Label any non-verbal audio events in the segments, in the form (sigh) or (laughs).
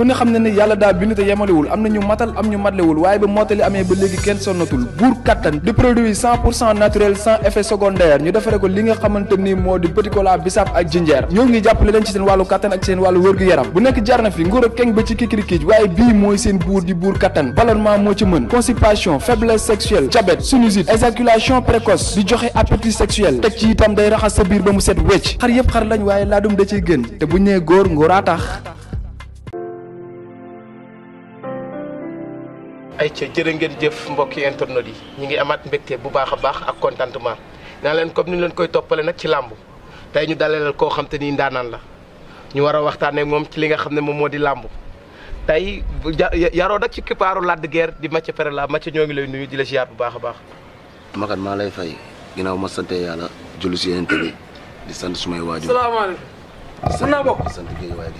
ku ne xam ne ne yàlla daa bindu te yemalewul am na ñu matal am ñu matlewul waaye ba mottali amee ba léegi kenn sonnatul buur kattan di produit cent pour cent naturel sans effet secondaire ñu defare ko li nga xamante ni moo di petit cola bisaab ak jinjeer ñoo ngi jàppale leen ci seen wàllu kattan ak seen wàllu wërgu-yaram bu nekk jarna fi nguur ak keng ba ci kikirikiij waaye bii mooy seen buur di buur kattan ballonnement moo ci mën constipation faiblesse sexuelle itam day raxas sa biir ba mu set wecc xar yëpp xar lañ waaye laa ay ca jërë ngeen jëf mbokki internet yi ñu ngi amaat mbégte bu baax a baax ak contentement naa leen comme ni ñu leen koy toppale nag ci làmb tey ñu dalal koo xam te ni ndaanaan la ñu war a waxtaanee moom ci li nga xam ne moom moo di làmb tey yaroo nag ci kippaaru Lac de Guiers di Mathieu la Mathieu ñoo ngi lay nuyu di la ziar bu baax a baax. Makan maa lay fay ginnaaw ma sante yàlla julli si yéen bi di sant sumay waajur. salaamaaleykum. mën sant di sant géej waaye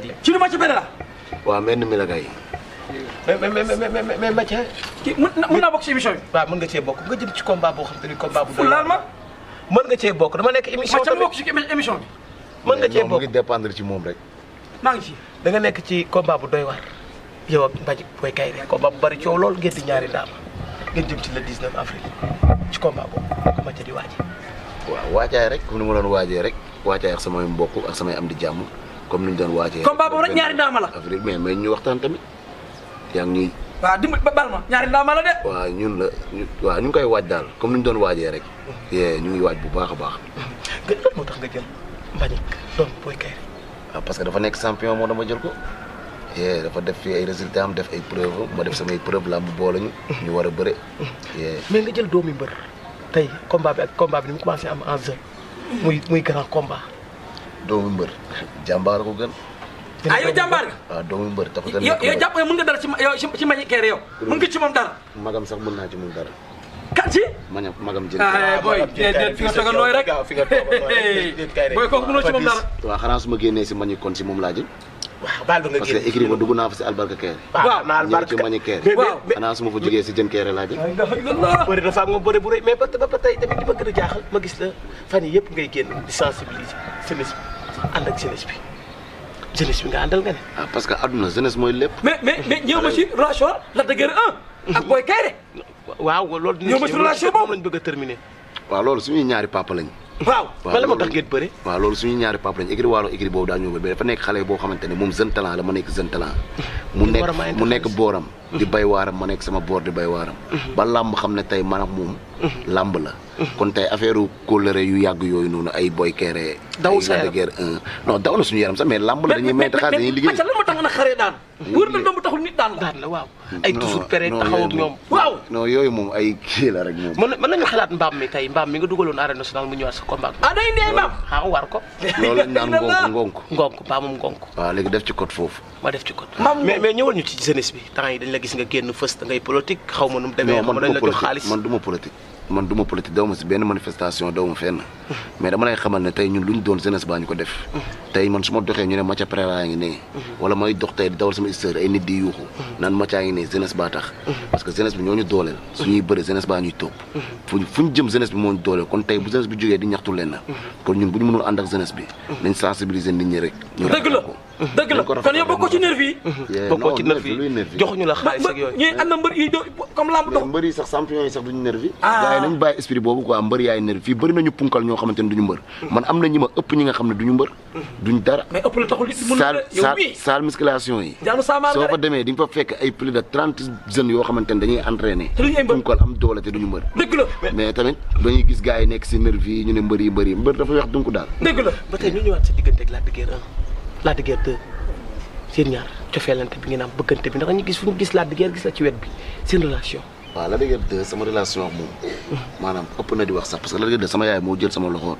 di yëpp. ci nu Mathieu Perala. waaw mel mais mais mais mais Mathia. kii mën naa bokk ci émission bi. waaw mën nga cee bokk nga jëm ci combat boo xam te ni combat bu. fulaal ma mën nga cee bokk dama nekk émission. tamit ma bokk ci émission bi. mën nga cee bokk ngi dépendre ci moom rek. maa ngi ci. da nga nekk ci combat bu doy war yow ak Mbadji Boy Kaïré combat bu bari coow lool ngeen di ñaari daam ngeen jëm ci le 19 avril ci combat boobu Mathia di waajee. waaw waajaay rek comme ni ma doon waajee rek waajaay ak samay mbokk ak samay am di jàmm comme ni ñu doon waajee. combat boobu rek ñaari daama la avril mais mais ñu waxtaan tamit yaa ngi ñuy. waaw dimbali ba bal ma ñaari ndaw ma la de. waaw ñun la ñu waaw ñu koy waaj daal comme ni ñu doon waajee rek. yee ñu ngi waaj bu baax a baax. moo tax nga jël Mbagnick doon Boy Kaïré. waaw parce que dafa nekk champion moo dama jël ko. yee dafa def fi ay résultats am def ay preuve ma def samay preuve la mu boole ñu. ñu war a bëre. mais nga jël doomi mbër tey combat bi ak combat bi ni mu commencé am en jeu muy muy grand combat. doomu mbër jàmbaar ko gën. ah yow jàmbaar nga. waaw doomu mbër dafa gën yow yow nga dara ci ma yow ma keere yow. mën nga ci moom dara. magam sax mën naa ci moom dara. kan ci. mañam magam jënd. ah booy déedéet fi nga toog a nooy rek fi nga a nooy booy kooku mënoo ci moom dara. waaw xanaa su ma génnee si mañi kon si moom laa jëm. waaw baal dugg naa fa si albarka keer. waaw ma albarka ñëw ci mañi keer. waaw xanaa su ma fa jógee si jën keer laa jëm. bëri ba ba tamit li ma gën a ma gis la fan yii yëpp ngay génn di sensibiliser jeunesse bi ànd ak jeunesse bi jeunesse bi nga àndal nga ne. ah parce que àdduna jeunesse mooy lépp. mais mais mais ñëw ma si relation la dëgër un. ak booy Kayre. waaw loolu dinañ. ñëw ma si relation boobu lañ bëgg a terminer. waaw loolu suñuy ñaari papa lañ. waaw ba la moo tax waaw loolu suñu ñaari papa lañu écrit waalo écrit boobu daa ñëw ba dafa nekk xale boo xamante ne moom jeune talent la ma nekk jeune talent (laughs) mu nekk mu nekk booram di bay waaram ma nekk sama boor di bay waaram mhm. ba làmb xam ne tey maanaam moom mhm. làmb la mhm. kon tey affaire u kóllëre yu yàgg yooyu noonu ay boy keere daw sa yaram guerre 1 non daw na suñu yaram sax mais làmb la dañuy may dañuy liggéey nga na xaree daan. wër na ndomb taxul nit daan la. daan la waaw ay toujours péré taxaw ñoom. waaw non yooyu moom ay kii la rek moom. mën nañu xalaat mbaam mi tey mbaam mi nga dugaloon arène nationale mu ñëwaat sa combat. ah day ndee mbaam xaaw war ko. loolu lañ naan (laughs) ngonk ngonk. ngonk mbaamum léegi def ci code foofu. ma def ci code. mais mais ñëwal ñu ci jeunesse bi temps yi dañ la gis nga génn fës ngay politique xaw ma nu mu demee. non man du ma politique man du ma man du ma politique daw ma si benn manifestation daw fenn. mais dama lay xamal ne tey ñun lu ñu doon jeunesse baa ñu ko def. tey man su ma doxee ñu ne Mathia Préra ngi ne. wala may dox tey di dawal sama histoire ay nit di yuuxu. naan Mathia ngi ne jeunesse baa tax. parce que jeunesse bi ñoo ñu dooleel. suñuy bëri jeunesse baa ñuy topp. fuñ fuñ jëm jeunesse bi moo ñu dooleel kon tey bu jeunesse bi jógee di ñaxtu leen na. kon ñun bu ñu mënul ànd ak jeunesse bi. nit ñi rek. dëgg la kon yow bokkoo ci nervi yi. bokkoo ci nervi yi joxuñu la xaalis ak yooyu. ñuy am na mbër yi comme lamb dox. mbër yi sax champion nervi. yi nervi ah. fii bëri nañu punkal ñoo xamante ne duñu mbër. man am na ñi ma ëpp ñi nga xam ne duñu mbër. duñu dara. mais ëpp la yi. jaanu saamaar soo fa demee di nga fa fekk ay plus de trente jeunes yoo xamante ne dañuy entraîné. punkal am doole te duñu mbër. dëgg mais tamit dañuy gis gars yi nervi ñu ne mbër yi mbër dafa wax dunku daal. Lac de Guiers 2 seen ñaar cofeelante bi ngeen am bëggante bi ndax ñu gis la ci wet bi seen relation. waaw Lac de relation ak moom. ëpp na di wax sax parce que sama yaay moo jël sama loxo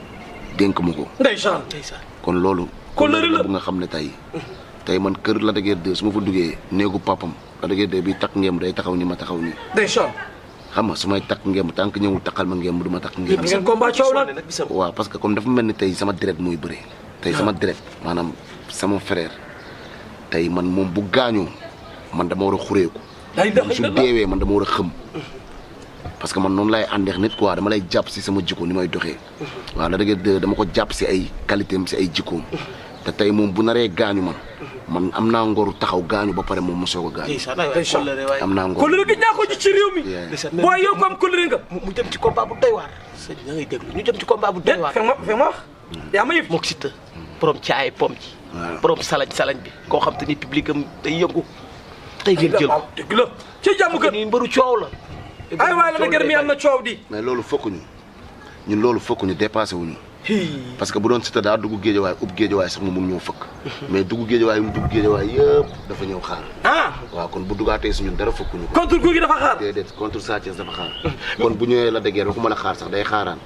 dénk ma ko. ndeysaan kon loolu. kon la nga xam ne tey. Mhm. tey man kër Lac de Guiers 2 su ma fa duggee néegu papam Lac de Guiers 2 bi takk ngeem day taxaw ni ma taxaw ni ndeysaan. xam nga su may takk ngeem tant que ñëwul takkal ma ngeem du ma takk ngeem. waaw parce que comme dafa mel ni tey sama deret mooy bëre tey ah. sama deret maanaam sama frère tey man moom bu gaañoo man dama war a xureeku man su deewee man dama war a xëm parce que man noonu lay àndeex nit quoi dama lay jàpp si sama jikko ni may doxee waaw la dëgg dama ko jàpp si ay qualité am si ay jikkoom te tey moom bu naree gaañu man man am naa ngoru taxaw gaañu ba pare moom mu soog a gaañu. am naa ngor kóllëre gi ñaakoo ji ci réew mi. boo yow ko kóllëre nga. mu jëm ci combat bu doy waar. jëm ci combat bu doy waar. fekk ma fekk ma mm. yaa ma yëf ci ay pom borom salañ salañ bi ko xam te ni public am day yëngu te ngeen jël la ci nii mbaru coow la ay waay la na gër na coow di mais loolu fokk ñu ñun loolu fokk ñu dépassé wuñu parce que bu doon Siteu daa dugg géejawaay ub géejawaay sax moom ñoo fëkk mais dugg géejawaay mu dugg géejawaay yëpp dafa ñëw xaar ah kon bu duggaatee suñu dara fëkkuñu ko contre Gouye Gui dafa xaar déedéet contre Sa Thiès dafa xaar kon bu ñëwee la dégeer waxuma la xaar sax day xaaraan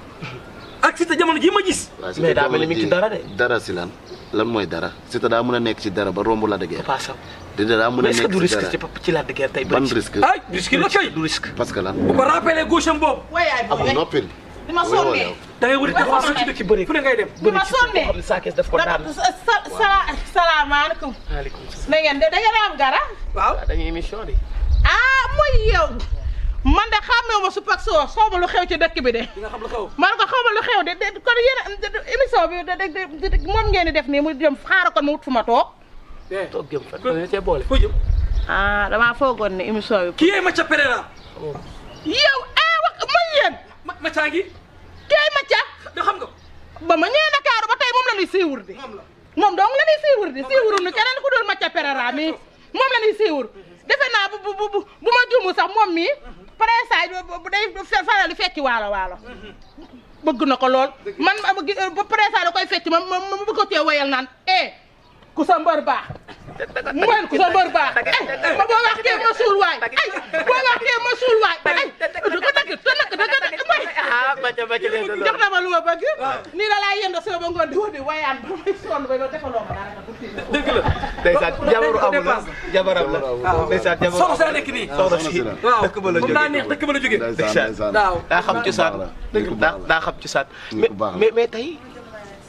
ak Siteu jamono ji ma gis. mais daa mel dara de. dara si lan lan mooy dara Siteu daa mën a nekk ci dara ba romb Lac de Guiers. Papa Sow a nekk ci dara mais est-ce que du risque ci Lac de Guiers tey. ban risque ay risque la kay du risque. parce que lan bu ko rappelé gauche am boobu. amul ah, noppil. bi ma sonnee da ngay wuti défense ci dëkk bëri fu ne ngay dem. bi ma sonnee xam ne saa kees daf ko daan. salaamaaleykum. na ngeen waaw ah, dañuy émission de. Ah, man de xàmmewu ma supp ak soos xaw lu xew ci dëkk bi de. di nga xam lu xew man ko xaw ma lu xew de de kon yéen émission bi de de moom ngeen di def nii muy jëm xaaral kon ma wut fu ma eh. ah, damaa foogoon ne émission bi. kii yee Mathia Pereira. Oh. yow ah wax man yéen. ma Mathia gi. kii da xam nga. ba ma ñëwee Ndakaaru ba tey moom la siiwur di. moom la moom siiwur di. moom la ñuy siiwur ku dul Mathia Pereira mi. moom la ñuy suivre defe naa bu bu bu bu ma juumu sax moom mii présage bu day faral di fecci waalo waalo bëgg na ko lool man ba présage da koy fecci ma ma ma bëgg ko cee woyal naan eh ku sa mbër baax mooy ku sa mbër baax eh, ay boo wax kee ma suul waay ay boo wax kee ma suul waay ay ko dagg te nag ah ma lu ma bëgg. Ah. ba ngoon di wuti wayaan ba muy sonn la sa ah. nekk nii soxna si waaw la jógee naa neex dëkk daa xam ci saat daa xam ci saat mais mais tey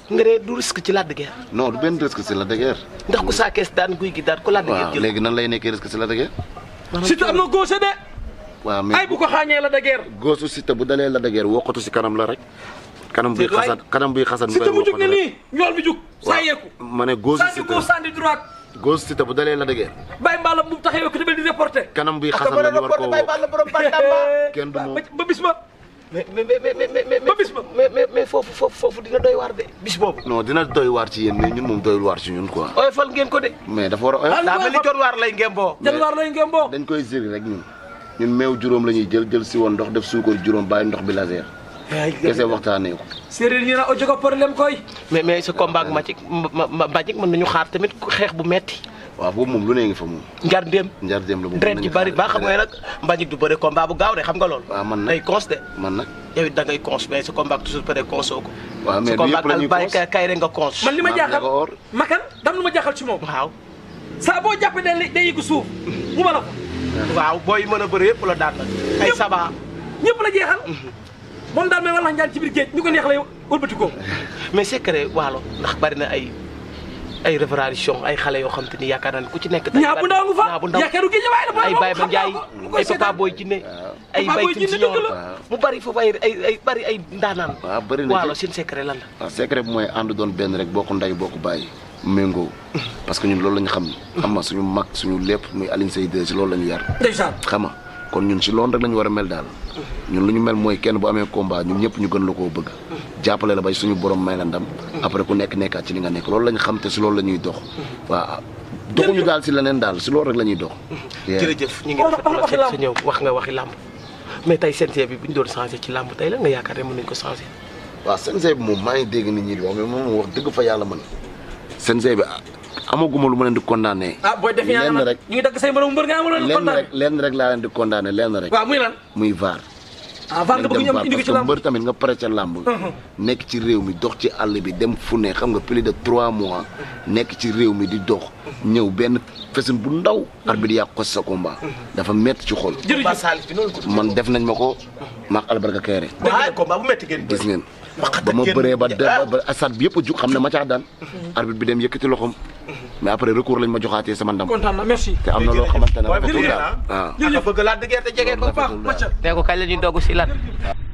nga ne du risque ci Lac de Guiers non du benn risque ci de Guiers ndax ku saa kees daan guy gi daan ko Lac de Guiers léegi nan lay nekkee risque ci Lac de Guiers si am na gauche de waaw mais bu ko xaañee la dageer. goosu Siteu bu dalee la dageer wokkatu si kanam la rek. kanam buy xasan kanam buy xasan. Siteu mu jug ne nii ñool bi jug. saa yeeku ma ne goosu Siteu sànni gauche sànni droite. goosu Siteu bu dalee la dageer. Baye Mballa bu mu tax a yokk tamit di reporté. kanam buy xasan la ñu war koo woo (laughs) kenn du ba bis ma. mais mais mais ba bis ma mais mais foofu dina doy waar de bis boobu. non dina doy waar ci yéen mais ñun moom doyul waar ci ñun quoi. oyofal ngeen ko de. mais dafa war a oyof. daa mel ni jot waar lay ngemboo. jot waar lay ngemboo. dañ koy ziri rek ñun meew juróom la ñuy jël jël si woon ndox def suukar juróom bàyyi ndox bi laser kese waxtaanee ko séeréer ñu naan ojo ko koy mais mais sa ma ak Mbagnick Mbagnick mën nañu xaar tamit xeex bu metti waaw moom lu ne ngi fa moom njar déem njar déem la moom dret ji bari baa xam nga nag Mbagnick du bëre combat bu gaaw de xam nga loolu waaw man nag day de man nag yow it da ngay cons mais sa combat toujours peut être consoo ko waaw mais du yëpp la ñuy cons sa combat ak kay rek nga cons man li ma jaaxal makan dam lu ma jaaxal ci moom waaw saa boo jàppee day yëgu suuf mu ma waaw booy mën a bëre yëpp la daan la ay saba ñëpp la jeexal mhm. moom daal may walax njaan ci géej ñu ko neex lay wëlbati ko mais secret waalo ndax bari na ay ay révélation ay xale yoo xam te ni yaakaar naa ku ci nekk. ñaa bu ndaw nga fa yaakaaru gi la ay ay Papa Boy Djiné ay Baye Tine mu bari foofu ay ay bari ay bari na waalo seen secret lan la. waaw secret bi mooy doon benn rek bokk ndey bokk bàyyi. méngoo parce que ñun loolu la ñu xam xam nga suñu mag suñu lépp muy Alioune Seye 2 si loolu la ñu yar xam kon ñun si loolu rek la war a mel daal ñun lu ñu mel mooy kenn bu amee combat ñun ñëpp ñu gën la koo bëgg jàppale la bay suñu borom may la ndam après ku nekk nekkaat ci li nga nekk loolu xam te si loolu la ñuy dox waaw doxuñu daal si leneen si loolu rek la ñuy dox jërëjëf ñu ngi rafetlu sa ñëw wax nga waxi làmb mais tey CNG bi bu ñu doon changé ci làmb tey la nga yaakaar ne mën nañ ko changé waaw CNG bi moom maa dégg nit ñi di wax mais moom wax fa yàlla mën CNG bi amaguma lu ma leen di condamné. ah booy lenn rek laa leen di condamné lenn rek. waaw muy lan muy vaar. ah vaar nga bëgg ñoom mbër tamit nga pare ca làmb. Uh-huh. nekk ci réew mi dox ci àll bi dem fu ne xam nga plus de trois mois. nekk ci réew mi di dox. ñëw benn fesin bu ndaw. arbitre yàq ko sa combat. Uh-huh. dafa métti ci xol. man def nañ ma ko. maak albarka Kéré. combat bu ba ma bëree ba ah. bi yëpp a xam ne ma caa daan. arbitre bi dem yëkkati loxoom. mais après recours lañ ma joxaatee sama ndam. kontaan na merci. te am na loo xamante ne rafetul daal waaw. Ah. Ah. te jege ko baax. tey ko kañ